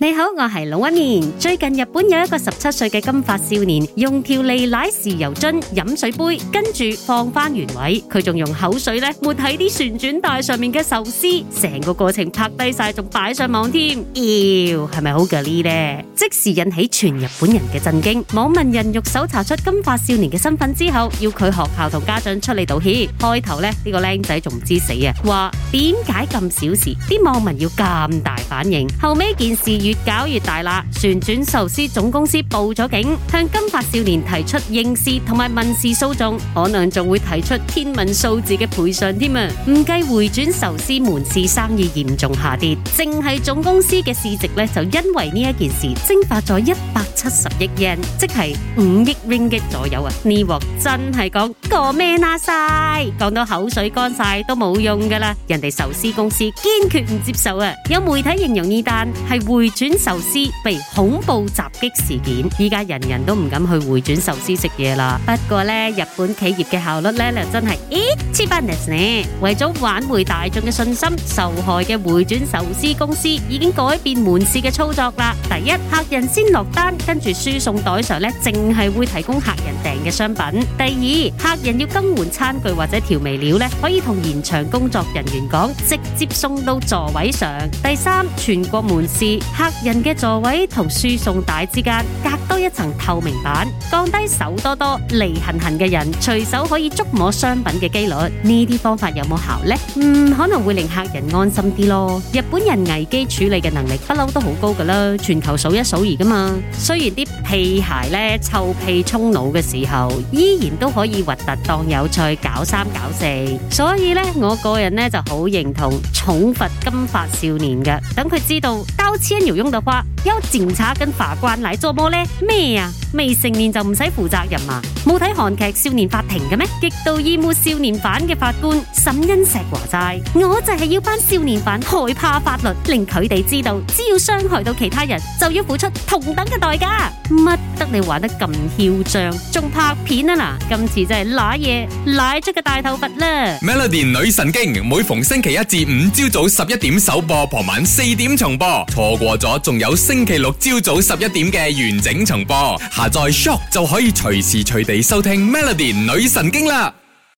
你好，我係老屈面。最近日本有一個十七歲嘅金髮少年，用條脷奶豉油樽飲水杯，跟住放翻原位。佢仲用口水咧抹喺啲旋轉帶上面嘅壽司，成個過程拍低晒，仲擺上網添。妖，係咪好 gory 咧？即時引起全日本人嘅震驚。網民人肉搜查出金髮少年嘅身份之後，要佢學校同家長出嚟道歉。開頭呢，呢、呢個僆仔仲唔知死啊，話點解咁小事，啲網民要咁大反應。後尾件事越搞越大啦！旋轉壽司總公司報咗警，向金發少年提出刑事同埋民事訴訟，可能仲會提出天文數字嘅賠償添啊！唔計回轉壽司門市生意嚴重下跌，淨係總公司嘅市值咧就因為呢一件事蒸發咗一百七十億 yen 即係五億 ringgit 左右 comment 啊！呢鑊真係講個咩啦晒，講到口水乾晒都冇用噶啦！人哋壽司公司堅決唔接受啊！有媒體形容呢單係回。轉壽司被恐怖襲擊事件，依家人人都唔敢去回轉壽司食嘢啦。不過呢，日本企業嘅效率呢就真係 it's b u 人嘅座位同輸送帶之間隔多一層透明板，降低手多多、離行行嘅人隨手可以觸摸商品嘅機率。呢啲方法有冇效咧？嗯，可能會令客人安心啲咯。日本人危機處理嘅能力不嬲都好高噶啦，全球數一數二噶嘛。雖然啲屁孩咧臭屁衝腦嘅時候，依然都可以核突當有趣搞三搞四。所以咧，我個人咧就好認同重罰金髮少年嘅。等佢知道交千要。仲話要警察跟法官嚟捉魔咧？咩啊？未成年就唔使負責任嘛？冇睇韓劇《少年法庭》嘅咩？極度厭惡少年犯嘅法官沈恩石話齋，我就係要班少年犯害怕法律，令佢哋知道，只要傷害到其他人，就要付出同等嘅代價。乜得你玩得咁囂張，仲拍片啊嗱！今次真係瀨嘢瀨出個大頭佛啦！Melody 女神經每逢星期一至五朝早十一點首播，傍晚四點重播，錯過咗。我仲有星期六朝早十一點嘅完整重播，下載 Shop 就可以隨時隨地收聽 Melody 女神經啦。